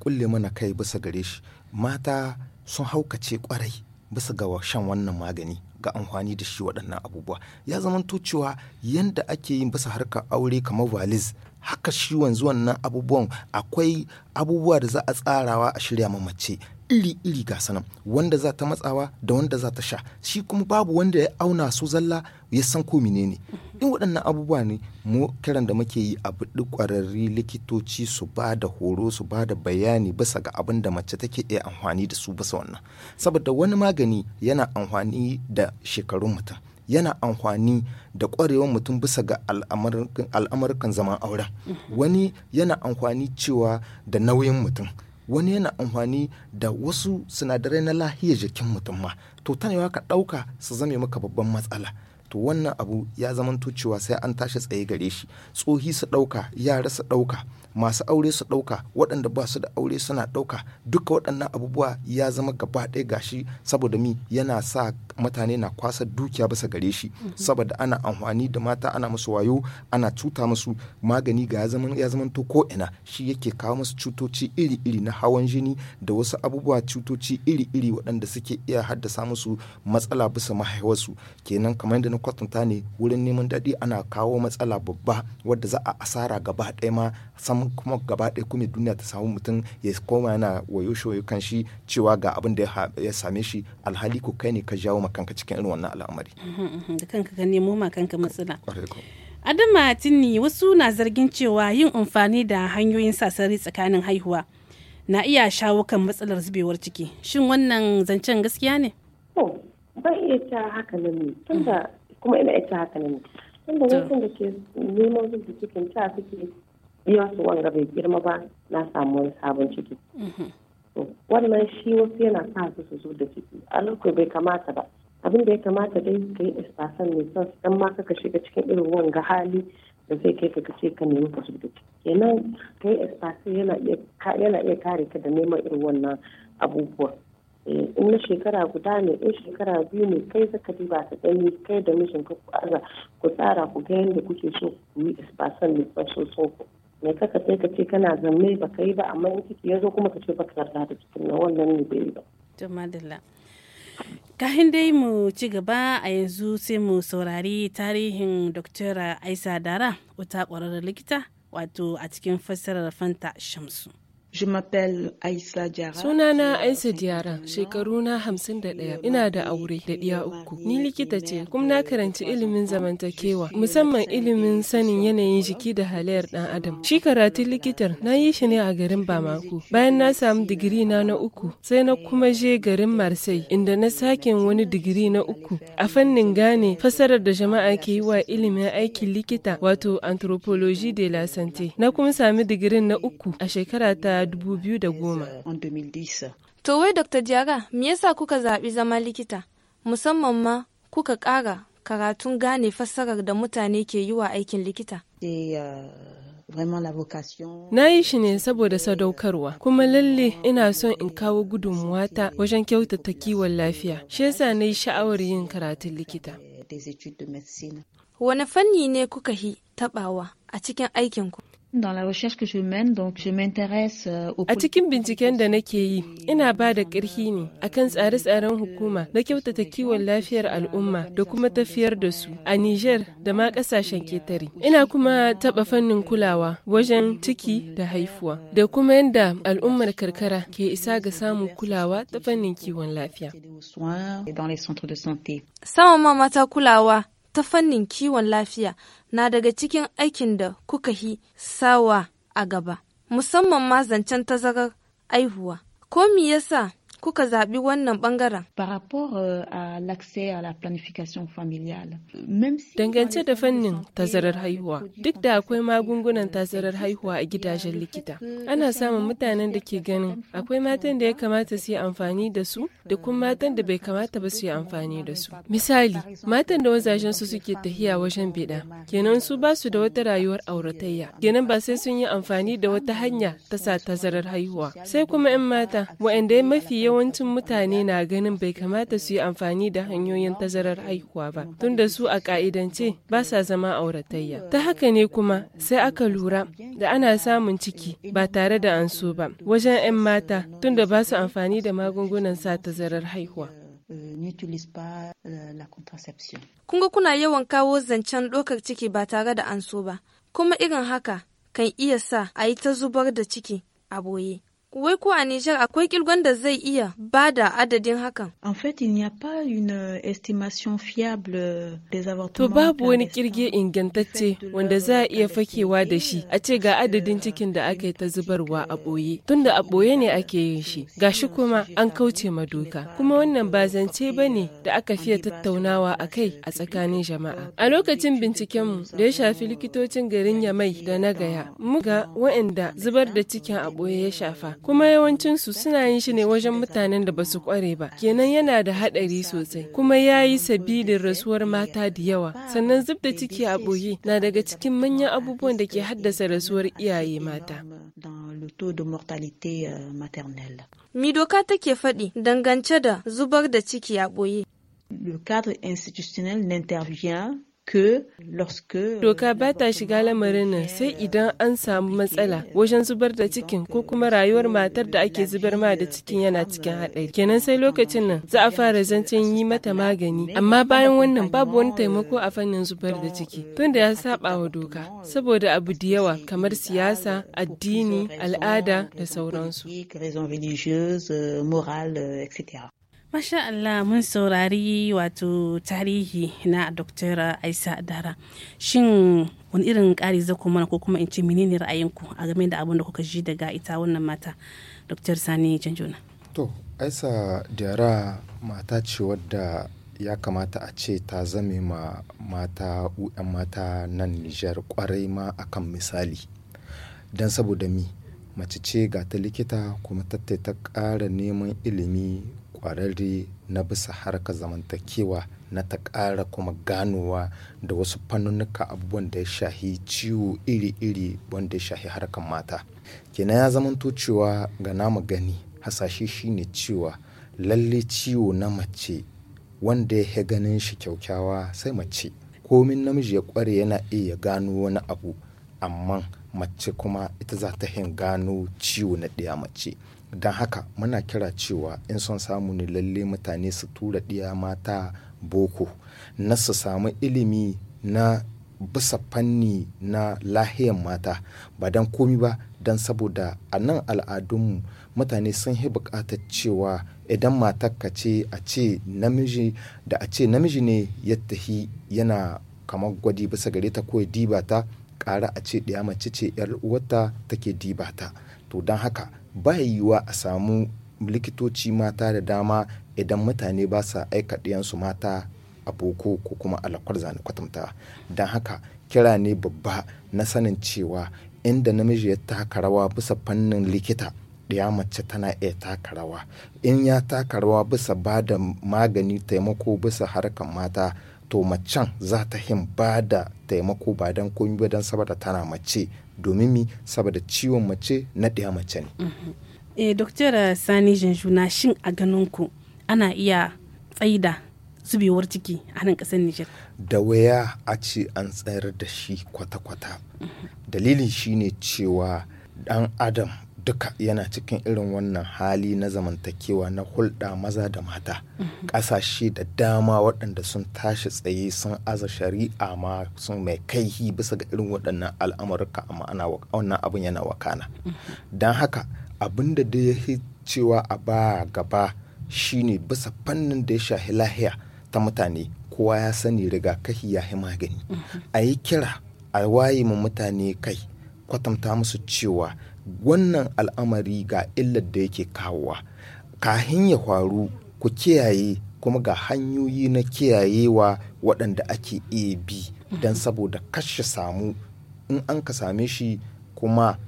kulle eh, mana kai bisa gare shi mata sun haukace kwarai bisa ga shan wannan magani ga amfani da shi waɗannan abubuwa ya zamanto cewa yadda ake yin bisa harkar aure kamar valis haka shi wanzu wannan abubuwan akwai abubuwa da za a tsarawa a shirya ma mace iri-iri ga sanan wanda za ta matsawa da wanda za ta sha shi kuma babu wanda ya auna su zalla ya san ko menene in waɗannan abubuwa ne mu kiran da muke yi a buɗi ƙwararri likitoci su ba da horo su ba da bayani bisa ga abin da mace take iya amfani da su bisa wannan saboda wani magani yana amfani da shekarun mutum yana amfani da kwarewar mutum bisa ga al'amurkan zaman auren wani yana amfani cewa da nauyin mutum wani yana amfani da wasu sinadarai na lahiyar jikin mutum ma to tanewa ka ɗauka su zame maka babban matsala to wannan abu ya zamanto cewa sai an tashi tsaye gare shi tsohi su ɗauka yara su ɗauka masu aure su ɗauka waɗanda ba su da aure suna ɗauka duka waɗannan abubuwa ya zama gaba ɗaya gashi saboda mi yana sa mutane na kwasa dukiya bisa gare shi mhm. saboda ana amfani da mata ana musu wayo ana cuta musu magani ga ya zama ya zama to ko ina shi yake kawo musu cutoci iri-iri na hawan jini da wasu abubuwa cutoci iri-iri waɗanda suke iya haddasa musu matsala bisa mahaifarsu kenan kamar yadda na kwatanta ne wurin neman daɗi ana kawo matsala babba wadda za a asara gaba ɗaya ma sam kuma gaba ɗaya kuma duniya ta samu mutum ya koma yana wayo shoyo kan shi cewa ga abin da ya same shi alhali ko kai ne ka jawo ma kanka cikin irin wannan al'amari uhm, uhm, uhm, da kanka ka nemo ma kanka matsala adama tinni wasu na zargin cewa yin amfani da hanyoyin sasari tsakanin haihuwa na iya shawo kan matsalar zubewar ciki shin wannan zancen gaskiya ne ban iya ta haka ne tunda kuma ina ita haka ne tunda wasu da ke neman zubi cikin ta suke su wanga bai girma ba na samu wani sabon ciki mhm. wannan shi wasu yana sa su su zo da ciki a lokacin bai kamata ba abin da ya kamata dai ka yi espasan mai son dan ma ka shiga cikin irin wanga hali da zai kai ka ce ka nemi ka zo da ciki kenan ka yi espasan yana iya kare ka da neman irin wannan abubuwa eh, in na shekara guda ne in shekara biyu ne kai zaka ba ta ɗani kai da mijin ka ku ku tsara ku ga yadda kuke so ku yi espasan mai son so ku me kaka sai ka ce kana zanne ba ka yi ba amma in ciki ya zo kuma ka ce ba ka yarda da cikin nan wannan ne bai ba. to madalla kahin dai mu ci gaba a yanzu sai mu saurari tarihin dr aisa dara wata kwararren likita wato a cikin fassarar fanta shamsu. Sunana Aisa Diara, na hamsin da ɗaya, ina da aure da ɗiya uku. Ni likita ce, kuma na karanci ilimin zamantakewa, musamman ilimin sanin yanayin jiki da halayyar ɗan adam. Shi karatun likitar na yi shi ne a garin Bamako. Bayan na samu digiri na na uku, sai na kuma je garin Marseille, inda na sake wani digiri na uku. A fannin gane fasarar da jama'a ke yi wa ilimin aikin likita, wato anthropology de la santé. Na kuma sami digirin na uku a shekara ta da 2010. To wai Dr. jara me yasa kuka zaɓi zama likita? Musamman ma kuka ƙara karatun gane fassarar da mutane ke yi wa aikin likita. Euh, na yi shi ne saboda sadaukarwa, kuma lalle ina son in kawo gudunmuwata wajen kyautata kiwon lafiya, shi yasa na yi sha'awar yin karatun likita. Wane fanni ne kuka hi taɓawa a cikin aikinku? Euh, a cikin binciken da nake yi, ina ba da ƙarfi ne a kan tsare-tsaren hukuma na kyautata kiwon lafiyar al'umma da kuma tafiyar da su a Niger da ma ƙasashen ketare. Ina kuma taɓa fannin kulawa wajen ciki da haifuwa da kuma yadda al'ummar karkara ke isa ga samun kulawa ta fannin kiwon lafiya. ma mata kulawa ta fannin kiwon lafiya na daga cikin aikin da kuka yi sawa a gaba, musamman ma zancen tazarar aihuwa. Ko me yasa kuka zaɓi wannan ɓangaren? Euh, Dangance da fannin tazarar haihuwa, duk da akwai magungunan tazarar haihuwa a gidajen likita, ana samun mutanen da ke ganin akwai matan da ya kamata su yi amfani da su da kuma euh, matan da bai kamata ba su yi amfani da su. Misali, matan da wazajen su suke tahiya wajen biɗa, kenan su ba su da wata rayuwar auratayya, kenan ba sai sun yi amfani da wata hanya ta sa tazarar haihuwa. Sai kuma 'yan mata, waɗanda mafi yawan yawancin mutane na ganin bai kamata su yi amfani da hanyoyin tazarar haihuwa ba, tunda su a ka'idance ba sa zama auratayya. Ta haka ne kuma sai aka lura da ana samun ciki ba tare da an so ba wajen 'yan mata tunda ba su amfani da magungunan sa tazarar haihuwa. Kun ga kuna yawan kawo zancen ɗaukar ciki ba tare da an so ba, kuma irin haka kan iya sa a yi ta zubar da ciki a boye. Wai ko a Nijar akwai kilgon da zai iya ba da adadin hakan? En fait, il n'y a pas une estimation fiable des avortements. To babu wani kirge ingantacce wanda za a iya fakewa da shi a ce ga adadin cikin da aka yi ta zubarwa a ɓoye. Tunda a ɓoye ne ake yin shi, gashi kuma an kauce ma doka. Kuma wannan ba zance ba ne da aka fiye tattaunawa a kai a tsakanin jama'a. A lokacin bincikenmu da ya shafi likitocin garin Yamai da na Gaya, muga waɗanda zubar da cikin a ɓoye ya shafa kuma yawancinsu suna yin shi ne wajen mutanen da ba su kware ba kenan yana da haɗari sosai kuma ya yi sabidin rasuwar mata da yawa sannan zub da ciki a ɓoye na daga cikin manyan abubuwan da ke haddasa rasuwar iyaye mata Mi doka take faɗi dangance da zubar da ciki a ɓoye. Doka ba ta shiga lamarin nan sai idan an samu matsala wajen zubar da cikin ko kuma rayuwar matar da ake zubar ma da cikin yana cikin haɗari. Kenan sai lokacin nan za a fara zancen yi mata magani amma bayan wannan babu wani taimako a fannin zubar da ciki tunda ya saba wa doka saboda abu da yawa kamar siyasa, addini, al'ada da sauransu. Masha Allah mun saurari wato tarihi na Dr. Aisa Dara. Shin wani irin ƙari za ku ko kuma in ce menene ra'ayinku a game da abin da kuka ji daga ita wannan mata Dr. Sani Janjuna. To, Aisa Dara mata ce wadda ya kamata a ce ta zame ma mata u'yan mata nan Nijar kwarai ma akan misali. dan saboda mi, mace ce ga ta likita kuma ta ta ƙara neman ilimi kwararre na bisa harka zamantakewa na ta ƙara kuma ganowa da wasu fannunuka abubuwan da ya shahi ciwo iri-iri wanda ya shahi harkar mata. Kenan ya zamanto cewa ga namu gani hasashe shine cewa lalle ciwo na mace wanda ya ganin shi kyaukyawa sai mace. Komin namiji ya kware yana iya gano wani abu amma mace kuma ita za ta hin gano ciwo na ɗaya mace. don haka muna kira cewa in son samu ne lalle mutane su tura ɗiya mata boko na su samu ilimi na bisa fanni na lahiyan mata ba don komi ba don saboda a nan al'adunmu mutane sun yi buƙatar cewa idan ka ce a ce namiji da a ce namiji ne ya tahi yana kamar gwadi bisa gare ta ko diba ta a ce ɗaya mace ce 'yar uwarta take diba ta to don haka ba yiwuwa a samu likitoci mata da dama idan mutane ba sa aika ɗiyansu mata a boko ko kuma alakwar zane kwatanta don haka kira ne babba na sanin cewa inda namiji ya taka rawa bisa fannin likita ɗaya mace tana iya taka rawa in ya taka rawa bisa ba da magani taimako bisa harkar mata to macen za ta him ba da taimako ba don komi ba don saboda tana mace domin mi saboda ciwon mace na ɗaya mace ne. Mm-hmm. Eh, Doktora Sani na shin a ganin ku ana iya tsaida zubewar ciki a nan ƙasar Nijar? Da waya a ce an tsayar da shi kwata-kwata. Mm-hmm. Dalilin shine cewa ɗan Adam duka yana cikin irin wannan hali na zamantakewa na hulɗa maza da mata mhm. ƙasashe da dama waɗanda sun tashi tsaye sun aza shari'a ma sun mai kaihi bisa ga irin waɗannan al'amurka amma ana wannan abin yana wakana mhm. don haka abin da da ya cewa a ba gaba shine bisa fannin da ya shahi lahiya ta mutane kowa ya sani rigakafi ya yi magani mhm. a yi kira a waye mu mutane kai kwatanta musu cewa wannan al'amari ga illar da yake kawowa kahin ya faru ku kiyaye kuma ga hanyoyi na kiyayewa waɗanda ake ab bi don saboda kashe samu in an ka same shi kuma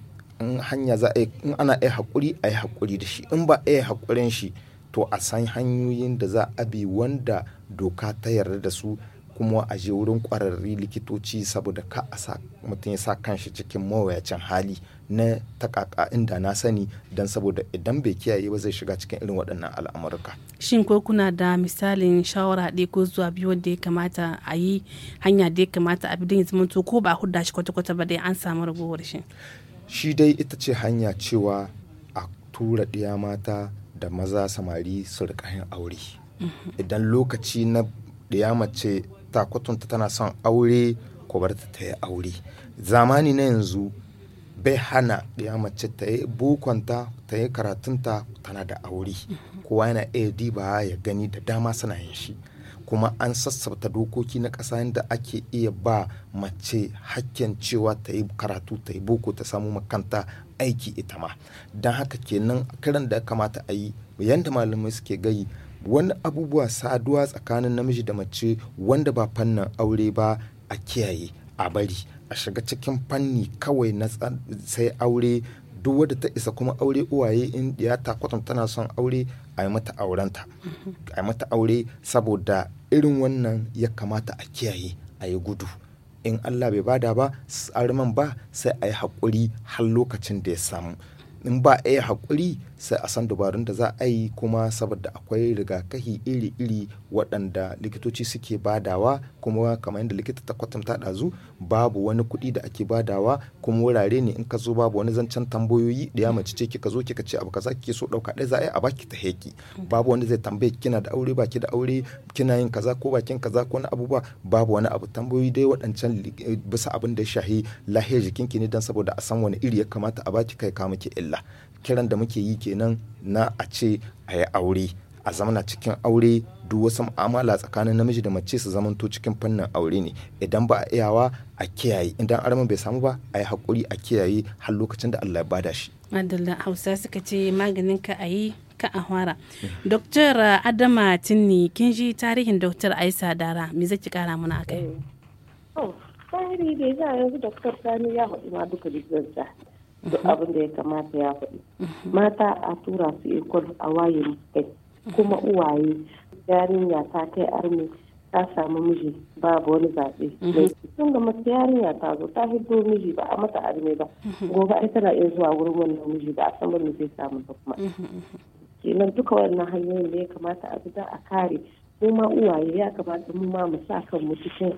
in hanya za a in ana iya haƙuri a yi haƙuri da shi in ba a yi haƙurin shi to a san hanyoyin da za a bi wanda doka ta yarda da su kuma a je wurin ƙwararri likitoci saboda ka a sa mutum ya sa kanshi cikin mawayacin hali na takaka inda na sani don saboda idan bai kiyaye ba zai shiga cikin irin waɗannan al'amurka. Shin ko kuna da misalin shawara ɗaya ko zuwa biyu wanda ya kamata a yi hanya da ya kamata a bi don ya to ko ba a hudda shi kwata-kwata ba dai an samu ragowar shi. Shi dai ita ce hanya cewa a tura ɗiya mata da maza samari su rika yin aure. Mhm. Idan lokaci na ɗiya mace ta kwatanta tana son aure ko bar ta yi aure. Zamani na yanzu bai hana ya mace ta yi bukonta ta yi karatunta tana da aure kowa yana iya diba ya gani da dama suna yin shi kuma an sassabta dokoki na ƙasa yadda ake iya ba mace hakken cewa ta yi karatu ta yi boko ta samu makanta aiki ita ma don haka kenan kiran da kamata a yi yadda malamai suke gayi wani abubuwa saduwa tsakanin namiji da mace wanda ba fannin aure ba a kiyaye a bari a shiga cikin fanni kawai na sai aure duk wadda ta isa kuma aure uwaye in ya ta tana son aure a yi mata aurenta a yi mata aure saboda irin wannan ya kamata a kiyaye a yi gudu in Allah bai bada ba tsariman ba sai a yi haƙuri har lokacin da ya samu in ba a yi haƙuri sai a san dabarun da za a yi kuma saboda akwai rigakafi iri-iri waɗanda likitoci suke badawa kuma kamar yadda likita ta kwatanta ɗazu babu wani kuɗi da ake badawa kuma wurare ne in ka zo babu wani zancen tambayoyi da ya mace ce kika zo kika ce abu kaza kike so ɗauka ɗaya za a yi a baki ta heki babu wani zai tambaye kina da aure baki da aure kina yin kaza ko bakin kaza ko wani abubuwa babu wani abu tambayoyi dai waɗancan bisa abin da ya shahi lahiyar jikinki ne don saboda a san wani iri ya kamata a baki kai ka muke illa kiran da muke yi kenan na a ce a yi aure a na cikin aure duk wasu mu'amala tsakanin namiji da mace su zamanto cikin fannin aure ne idan ba a iyawa a kiyaye idan arama bai samu ba a yi haƙuri a kiyaye har lokacin da Allah ya bada shi. Madalla Hausa suka ce maganin ka a yi ka a hwara. Dr. Uh, Adama Tinni kin ji tarihin Dr. Aisha Dara me zaki kara mana akai? Eh. Tarihi da ya yanzu Dr. Sani ya haɗu ma duka duk duk mhm. abin da ya kamata ya faɗi mhm. mata a tura su ikon a waye kai mhm. kuma uwaye yarinya ta kai armi ta samu miji babu wani zaɓe tun ga mace yarinya ta zo ta hiddo miji ba a mata armi ba gobe ai tana iya zuwa wurin wannan miji ba a san wani zai samu ba kuma kenan duka wannan hanyoyin da ya kamata a fita a kare mu ma uwaye ya kamata mu ma mu sa kanmu cikin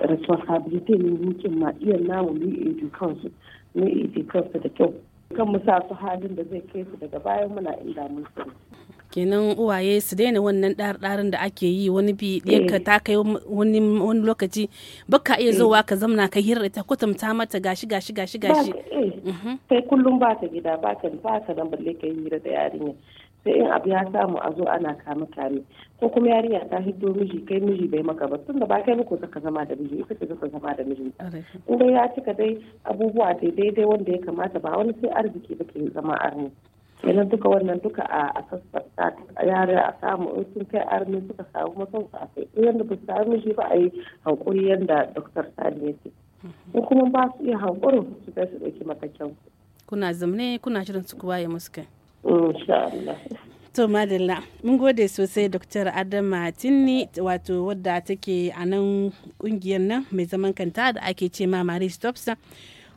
responsibility ne mukin ma iya namu mu yi kansu mu iji kansu da kyau kan mu sa su halin da zai kai su daga bayan muna inda mun kenan uwaye su daina wannan ɗarɗarin da ake yi wani bi eh. ka ta kai wani lokaci baka iya eh. zuwa ka zamna ka hirra ta kutumta mata gashi gashi gashi gashi eh. mhm. kai kullum ba ka gida ba ka ba ka nan balle ka hira da yarinya sai in abu ya samu a zo ana kama kame ko kuma yarinya ta hiddo miji kai miji bai maka ba tun da ba kai muku zaka zama da miji ita ce zaka zama da miji in dai ya cika dai abubuwa dai wanda ya kamata ba wani sai arziki ba ke zama arni kenan duka wannan duka a sassarta yare a samu in sun kai arni suka samu masauka a in yadda ba su samu miji ba a yi hankuri yadda doktor sani ya ce mhm. in kuma ba su iya hankurin su kai su ɗauki matakin kuna zamne kuna shirin su kuwa musu kai To Madalla, mun gode sosai Dr. Adama Tinni wato wadda take a nan kungiyar nan mai zaman kanta da ake ce ma Marie Stopsa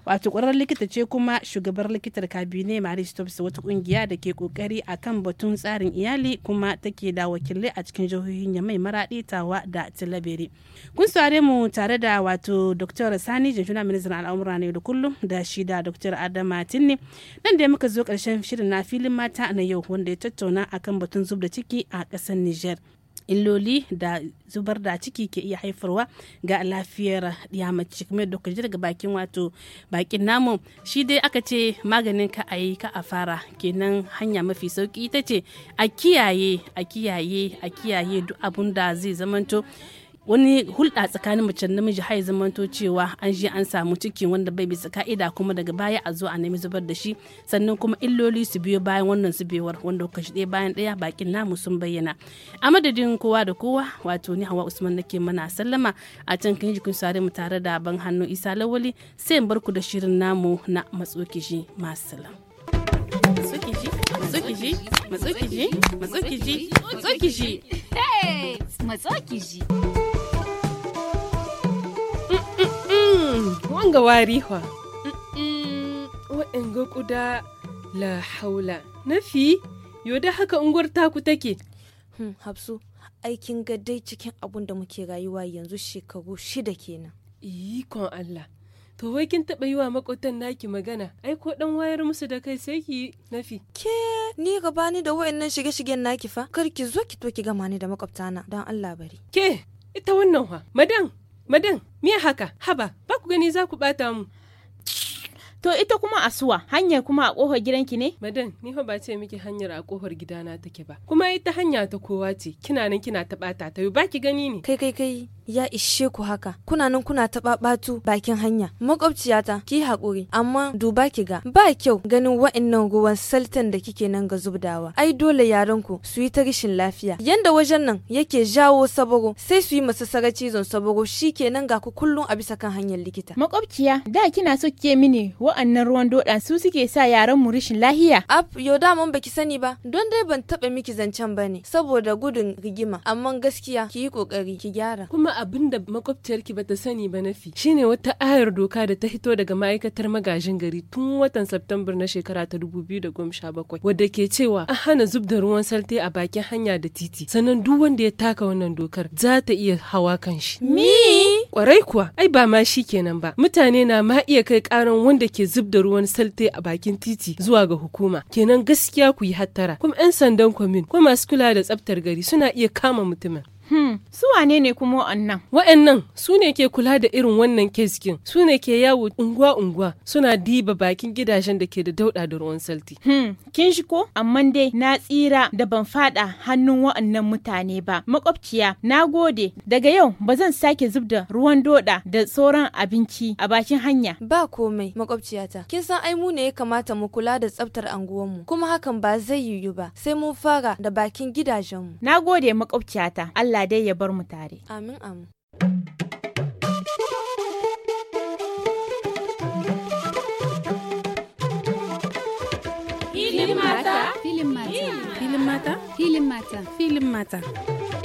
wato ƙwararren likita ce kuma shugabar likitar kabine marie stops wata ƙungiya da ke ƙoƙari akan batun tsarin iyali kuma take da wakilai a cikin jihohin yamai maraɗi tawa da talabere kun saurare mu tare da wato dr sani jinjuna ministan al'amura yau da kullum da shi da dr adama tinni nan dai muka zo ƙarshen shirin na filin mata na yau wanda ya tattauna akan batun zub da ciki a ƙasar niger illoli da zubar da ciki ke iya haifarwa ga lafiyar ya mace kuma yadda kuka daga bakin wato bakin namu shi dai aka ce maganin ka a yi ka a fara kenan hanya mafi sauki ita ce a kiyaye a kiyaye a kiyaye duk abun da zai zamanto wani hulɗa tsakanin mace namiji har zamanto cewa an je an samu ciki wanda bai bisa ka'ida kuma daga baya a zo a nemi zubar da shi sannan kuma illoli su biyo bayan wannan su zubewar wanda kuka ɗaya bayan ɗaya bakin namu sun bayyana a madadin kowa da kowa wato ni hawa usman nake mana sallama a can kan jikin sare mu tare da ban hannu isa lawali sai in barku da shirin namu na matsoki masu salam matsokiji matsokiji matsokiji matsokiji matsokiji Mm, wanga wari hwa wa'in ga kuda la haula na fi da haka unguwar taku take hmm, hafsu aikin gadai cikin abun da muke rayuwa yanzu shekaru shida kenan ikon allah to wai kin taɓa yi wa makotan naki magana ai ko dan wayar musu da kai sai ki nafi ke ni gabani da wayannan shige-shigen naki fa kar ki zo ki to ki gama ni da makwabtana don allah bari ke ita wannan fa madan Madan, miya haka? Haba, ba ku gani za ku bata mu. To ita kuma asuwa hanyar kuma a kofar gidanki ne? Madan ni fa ba ce miki hanyar a kofar gidana take ba. Kuma ita hanya ta kowa ce kina nan kina ta bata ba ki gani ne. Kai kai kai ya ishe ku haka kuna nan kuna taɓaɓatu bakin hanya makwabciyata ki haƙuri amma duba ki ga ba kyau ganin wa'annan ruwan saltan da kike nan ga zubdawa ai dole yaran ku su yi ta rashin lafiya yanda wajen nan yake jawo saboro sai su yi masa sarar cizon saboro shikenan ga ku kullum a bisa kan hanyar likita makwabciya da kina so ke mini wa wa'annan ruwan doda su suke sa yaran mu rishin lahiya. Ab, yau da mun baki sani ba, don dai ban taɓa miki zancen ba ne, saboda gudun rigima, amma gaskiya ki yi ƙoƙari ki gyara. Kuma abin da makwabciyarki ba ta sani ba nafi, shine wata ayar doka da ta hito daga ma'aikatar magajin gari tun watan Septambar na shekara ta dubu biyu da bakwai wadda ke cewa an hana zub da ruwan salte a bakin hanya da titi, sannan duk wanda ya taka wannan dokar za ta iya hawa kan shi. Mi? Kwarai kuwa, ai ba ma shi kenan ba, mutane na ma iya kai ƙaran wanda ke zub da ruwan salte a bakin titi zuwa ga hukuma kenan gaskiya ku yi hattara kuma 'yan sandan kwamin ko masu kula da tsaftar gari suna iya kama mutumin Hmm. Su wane ne kuma wa'annan? Wa'annan su ne ke kula da irin wannan keskin, su ne ke yawo unguwa-unguwa suna diba bakin gidajen da ke da dauɗa da ruwan salti. Hmm. Kin shi ko? Amma dai na tsira da ban faɗa hannun wa'annan mutane ba. Makwabciya, na gode. Daga yau ba zan sake zub da ruwan doda da sauran abinci a bakin hanya. Ba komai, makwabciyata. Kin san ai mu ne ya kamata mu kula da tsaftar mu kuma hakan ba zai yiwu ba. Sai mun fara da bakin gidajenmu. Na gode makwabciyata. Allah Allah dai ya bar mu tare. Amin amin. Filin mata. Filin mata. Filin mata. Filin mata. Filin mata.